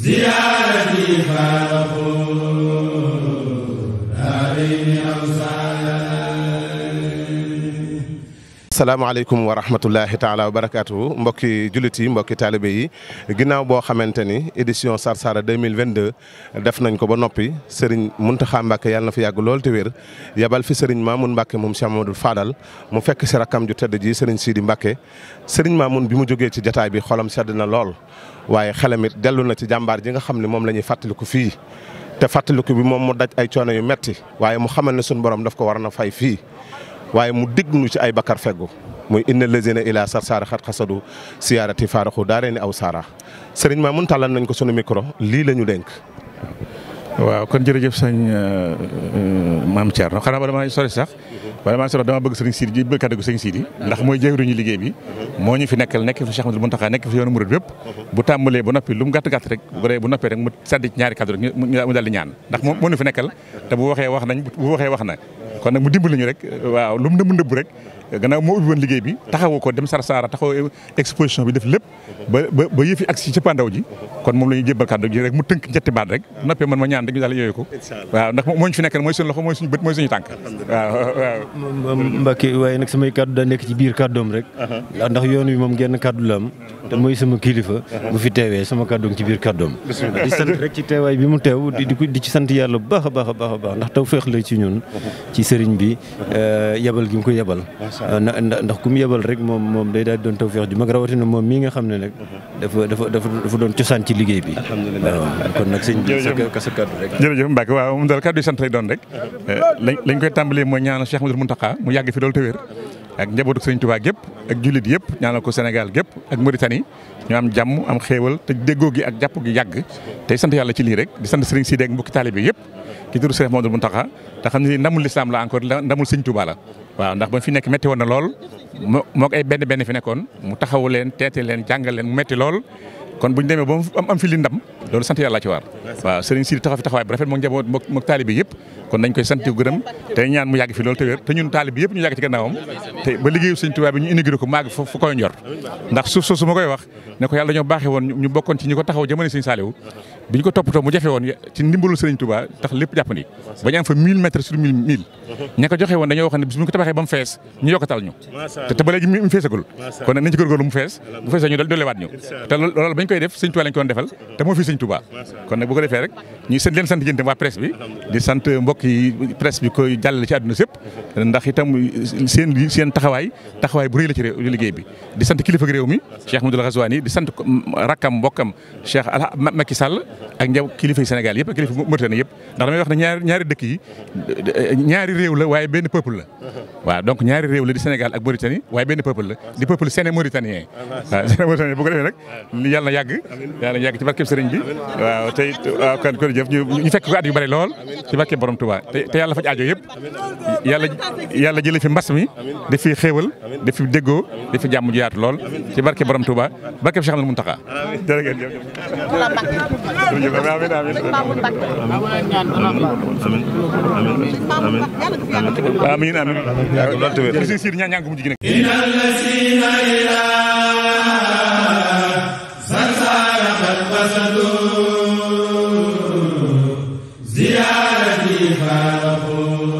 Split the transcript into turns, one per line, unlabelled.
ziyaara asalaamaaleykum wa rahmatullahi taala wa barakaatu mbokki jullit yi mbokki taalibe yi ginnaaw boo xamante ni édition Sarsara 2022 def nañ ko ba noppi Serigne Mountakha Mbacké yàlla na fi yàgg lool te wér yabal fi Serigne Mamoun Mbacké moom Cheikh Mamadou Fadal mu fekk si rakkam ju tedd ji Serigne Sidi Mbacké Serigne Mamoun bi mu jógee ci jataay bi xolam sedd na lool waaye xelam it dellu na ci jàmbaar ji nga xam ne moom la ñuy fàttaliku fii te fàttaliku bi moom mu daj ay coono yu metti waaye mu xamal ne suñu borom daf ko war na fay fii waaye mu digg nu ci ay bakar feggu muy inna lazina ila sar saara xat xasadu siyaarati faaraxu daa ni aw saara sëriñ Mamoune tàllal nañ ko sunu micro lii la ñu dénk.
waaw kon jërëjëf sëñ euh, maam Thierno xanaa bala maa sori sax bala maa sori dama bëgg sëriñ Sidi di bëgg kàddu gu sëriñ liggéey bi moo ñu fi nekkal nekk fi Cheikh Ahmadou Mountakha nekk fi yoonu murid yëpp bu tàmbalee bu noppi lu mu gàtt gàtt rek bu dee bu noppee rek mu sàddi ñaari kàddu rek mu daal di ñaan ndax moo ñu fi nekkal te bu waxee wax nañ bu waxee wax na kon nag mu dimbali ñu rek waaw lu mu nëbb nëbb rek gannaaw moo ubbi woon liggéey bi taxawu ko dem Sarsara taxawu exposition bi def lépp ba ba yëf yi ak si ci ji kon moom la ñuy jébbal kàddu gi rek mu tënk ñetti baat rek noppee man ma ñaan rek ñu daal yooyu ko waaw ndax mooñ fi nekk mooy suñu loxo mooy suñu bët
waaye nag samay kàddu daa nekk ci biir kàddoom rek ndax yoon wi moom genn kàddu la am te mooy sama kilifa bu fi teewee sama kàddoom ci biir kàddoom di sant rek ci teewaay bi mu teew di ci sant yàlla bu baax a baax a baax a baax ndax taw feex la ci ñun ci sëriñ bi eh, yebal gi mu ko yebal Euh, ndax ku mu yebal rek moom moom day daal di doon tawféex ju mag rawatina moom mii nga xam ne nag dafa dafa dafa doon cosaan ci liggéey bi waaw kon nag sa kaddu rek
jërëjëf Mbacke waaw moom daal euh, mu yàgg fi loolu te wér ak njabootu Sëriñ gépp ak jullit yëpp ko Sénégal gépp ak Mauritanie ñu am jàmm am xéewal te déggoo gi ak jàpp gi yàgg tey sant yàlla ci lii rek di sant Sëriñ Sidi ak mbokki taalibe yëpp ki turu Cheikh Mouhamadou Mountakha te xam ne ndamul lislaam la encore ndamul Sëriñ Tuubaa la waaw ndax ba fi nekk métti woon na lool moo moog ay benn benn fi nekkoon mu taxawu leen teete leen jàngal leen mu métti lool kon bu ñu demee ba am fi li ndam loolu sant yàlla ci waar waaw taxaw fi taxawaay bu rafet mook taalibe yëpp kon nañ koy sant yu te ñaan mu yàgg fi loolu te wér te ñun taalibe yëpp ñu yàgg ci gannaawam ñu ko taxaw jamono sëriñ Saaliwu bi ñu ko toppatoo mu jafe woon ci ndimbalul sëriñ Tuubaa tax lépp jàppandi ba ñu fa 1000 mètres sur 1000 mille ña joxe woon dañoo wax bis bu ñu ko tabaxee ba mu fees ñu yokkatal ñu te ba léegi mu feesagul kon nañ koy def sëriñ Tuubaa Touba kon nag bu ko defee rek ñu sant leen sant yéen itam waa presse bi di sant mbokk yi presse bi koy jàllale ci àdduna sépp ndax itam seen seen taxawaay taxawaay bu rëy la ci réew liggéey bi di sant kilifa réew mi Cheikh Mamadou Ghazouani di sant rakkam mbokkam Cheikh Al Macky Sall ak njaw kilifa yi Sénégal yëpp ak kilifa Mauritanie yëpp ndax damay wax ne ñaari dëkk yi ñaari réew la waaye benn peuple la donc ñaari réew la di Sénégal ak Mauritanie waaye benn peuple la waaw te it waaw kon kon jëf ñu ñu fekk ko at yu bari lool ci barke borom Touba te yàlla faj aajo yëpp yàlla yàlla jëlee fi mbas mi daf fi xéewal daf fi déggoo daf fi jàmm ju yaatu lool ci barke borom Touba barke bi Cheikh Ahmadou Mountakha jërë ngeen jëf. Amin. Amin. Amin. Amin. Amin. amiin
Prabhu.